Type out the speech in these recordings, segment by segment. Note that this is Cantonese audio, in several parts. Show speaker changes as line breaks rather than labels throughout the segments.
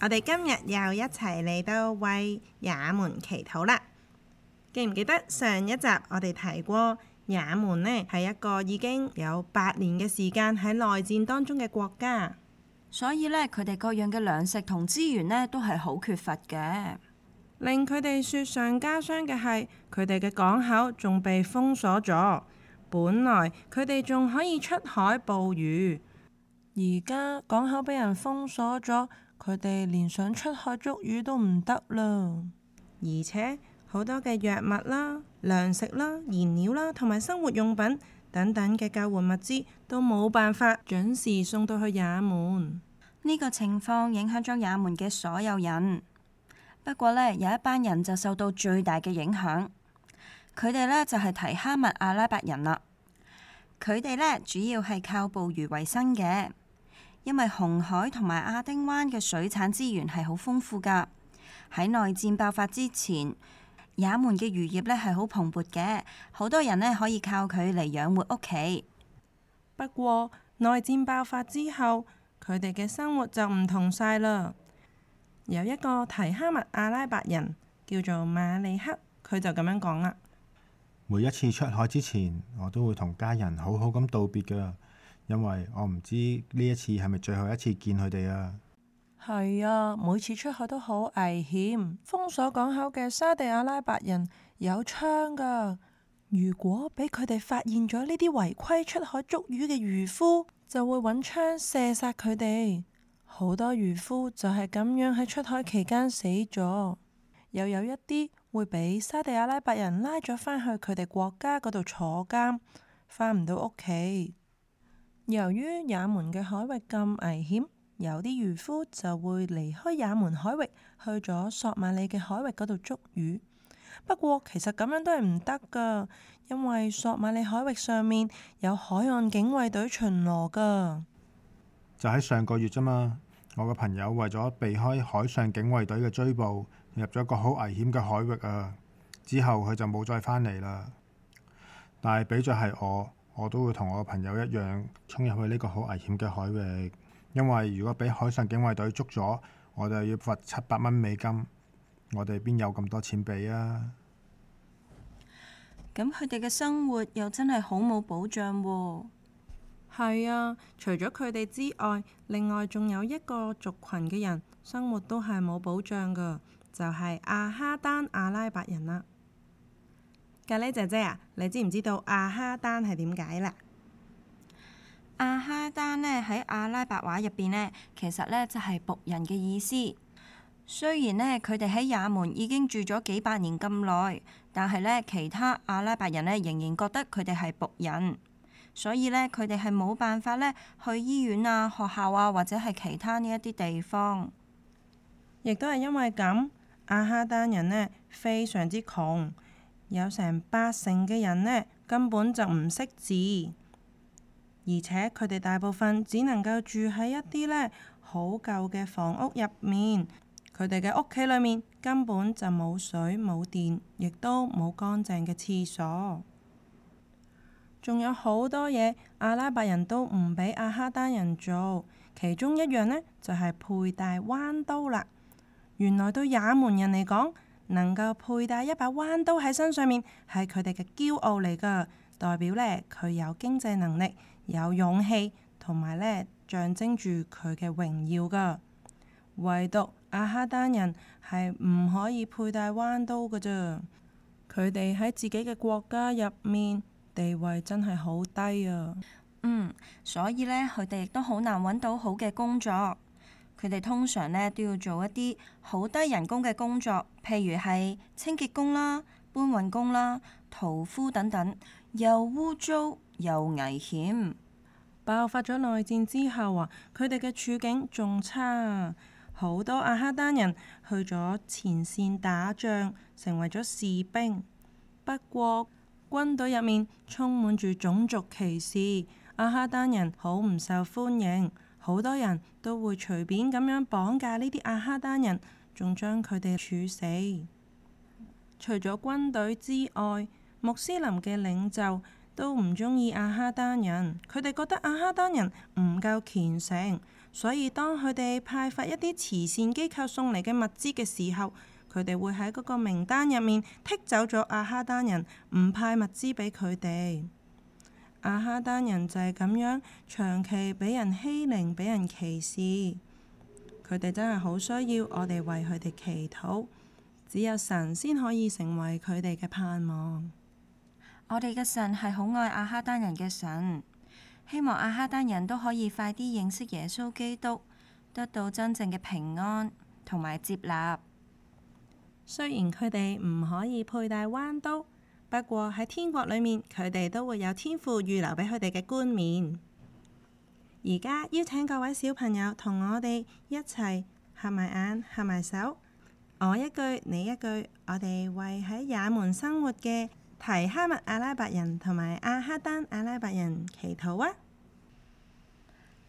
我哋今日又一齊嚟到為也門祈禱啦。記唔記得上一集我哋提過也門呢係一個已經有八年嘅時間喺內戰當中嘅國家，所以呢，佢哋各樣嘅糧食同資源呢都係好缺乏嘅，令佢哋雪上加霜嘅係佢哋嘅港口仲被封鎖咗。本來佢哋仲可以出海捕魚，而家港口俾人封鎖咗。佢哋連想出海捉魚都唔得啦，而且好多嘅藥物啦、糧食啦、燃料啦，同埋生活用品等等嘅救援物資都冇辦法準時送到去也門。呢個情況，影響咗也門嘅所有人。不過呢，有一班人就受到最大嘅影響，佢哋呢就係提哈密阿拉伯人啦。佢哋呢主要係靠捕魚為生嘅。因為紅海同埋亞丁灣嘅水產資源係好豐富㗎，喺內戰爆發之前，也門嘅漁業咧係好蓬勃嘅，好多人咧可以靠佢嚟養活屋企。不過內戰爆發之後，佢哋嘅生活就唔同晒啦。有一個提哈密阿拉伯人叫做馬里克，佢就咁樣講啦：每一次出海之前，我都會同家人好好咁道別㗎。因為我唔知呢一次係咪最後一次見佢哋啊？係啊，每次出海都好危險。封鎖港口嘅沙地阿拉伯人有槍噶，如果俾佢哋發現咗呢啲違規出海捉魚嘅漁夫，就會揾槍射殺佢哋。好多漁夫就係咁樣喺出海期間死咗，又有一啲會俾沙地阿拉伯人拉咗翻去佢哋國家嗰度坐監，翻唔到屋企。由於也門嘅海域咁危險，有啲漁夫就會離開也門海域，去咗索馬里嘅海域嗰度捉魚。不過其實咁樣都係唔得噶因為索馬里海域上面有海岸警衛隊巡邏噶就喺上個月咋嘛，我個朋友為咗避開海上警衛隊嘅追捕，入咗個好危險嘅海域啊，之後佢就冇再翻嚟啦。但係比咗係我。我都會同我朋友一樣衝入去呢個好危險嘅海域，因為如果俾海上警衛隊捉咗，我就要罰七百蚊美金，我哋邊有咁多錢俾啊？咁佢哋嘅生活又真係好冇保障喎、啊。係啊，除咗佢哋之外，另外仲有一個族群嘅人生活都係冇保障㗎，就係、是、阿哈丹阿拉伯人啦。咖喱姐姐啊，你知唔知道阿哈丹係點解啦？阿哈丹咧喺阿拉伯話入邊咧，其實咧就係僕人嘅意思。雖然咧佢哋喺也門已經住咗幾百年咁耐，但係咧其他阿拉伯人咧仍然覺得佢哋係僕人，所以咧佢哋係冇辦法咧去醫院啊、學校啊或者係其他呢一啲地方。亦都係因為咁，阿哈丹人咧非常之窮。有成八成嘅人呢，根本就唔識字，而且佢哋大部分只能夠住喺一啲呢好舊嘅房屋入面，佢哋嘅屋企裏面根本就冇水冇電，亦都冇乾淨嘅廁所，仲有好多嘢阿拉伯人都唔俾阿哈丹人做，其中一樣呢，就係佩戴彎刀啦。原來對也門人嚟講，能夠佩戴一把彎刀喺身上面，係佢哋嘅驕傲嚟噶，代表呢，佢有經濟能力、有勇氣，同埋呢，象徵住佢嘅榮耀噶。唯獨阿哈丹人係唔可以佩戴彎刀噶啫，佢哋喺自己嘅國家入面地位真係好低啊。嗯，所以呢，佢哋亦都好難揾到好嘅工作。佢哋通常咧都要做一啲好低人工嘅工作，譬如係清潔工啦、搬運工啦、屠夫等等，又污糟又危險。爆發咗內戰之後啊，佢哋嘅處境仲差，好多阿哈丹人去咗前線打仗，成為咗士兵。不過軍隊入面充滿住種族歧視，阿哈丹人好唔受歡迎。好多人都會隨便咁樣綁架呢啲阿哈丹人，仲將佢哋處死。除咗軍隊之外，穆斯林嘅領袖都唔中意阿哈丹人，佢哋覺得阿哈丹人唔夠虔誠，所以當佢哋派發一啲慈善機構送嚟嘅物資嘅時候，佢哋會喺嗰個名單入面剔走咗阿哈丹人，唔派物資俾佢哋。阿哈丹人就係咁樣，長期俾人欺凌、俾人歧視，佢哋真係好需要我哋為佢哋祈禱，只有神先可以成為佢哋嘅盼望。我哋嘅神係好愛阿哈丹人嘅神，希望阿哈丹人都可以快啲認識耶穌基督，得到真正嘅平安同埋接納。雖然佢哋唔可以佩戴彎刀，不過喺天國裏面，佢哋都會有天父預留俾佢哋嘅冠冕。而家邀請各位小朋友同我哋一齊合埋眼，合埋手，我一句你一句，我哋為喺也門生活嘅提哈密阿拉伯人同埋阿哈丹阿拉伯人祈禱啊！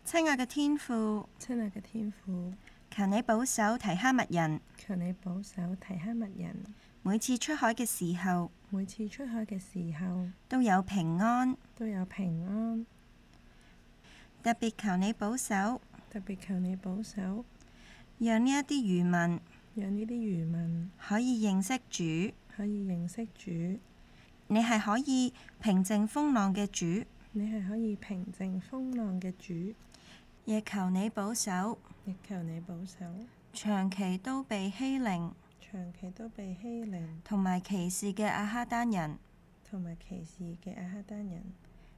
親愛嘅天父，親愛嘅天父，求你保守提哈密人，求你保守提哈密人。每次出海嘅時候，每次出海嘅時候都有平安，都有平安。特別求你保守，特別求你保守，讓呢一啲漁民，讓呢啲漁民可以認識主，可以認識主。你係可以平靜風浪嘅主，你係可以平靜風浪嘅主。亦求你保守，亦求你保守，長期都被欺凌。長期都被欺凌同埋歧視嘅阿哈丹人，同埋歧視嘅阿哈丹人，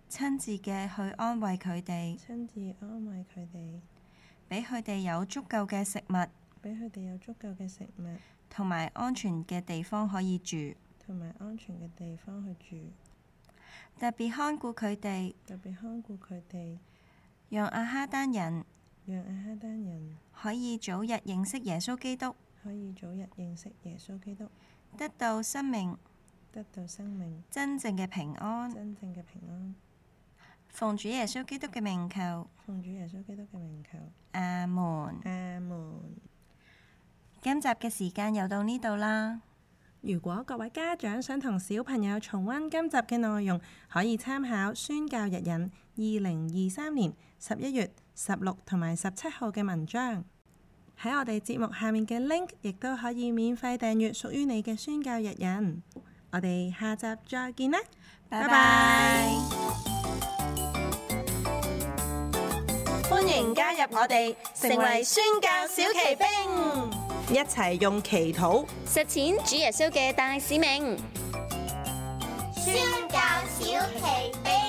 親自嘅去安慰佢哋，親自安慰佢哋，俾佢哋有足夠嘅食物，俾佢哋有足夠嘅食物，同埋安全嘅地方可以住，同埋安全嘅地方去住。特別看顧佢哋，特別看顧佢哋，讓阿哈丹人，讓阿哈丹人可以早日認識耶穌基督，可以早日認識耶穌基督，得到生命，得到生命，真正嘅平安，真正嘅平安。奉主耶穌基督嘅名求，奉主耶穌基督嘅名求。阿門，阿門。今集嘅時間又到呢度啦。如果各位家長想同小朋友重温今集嘅內容，可以參考宣教日引二零二三年十一月十六同埋十七號嘅文章。喺我哋節目下面嘅 link，亦都可以免費訂閱屬於你嘅宣教日引。我哋下集再見啦，拜拜！歡迎加入我哋，成為宣教小奇兵，一齊用祈禱實踐主耶穌嘅大使命。宣教小奇兵。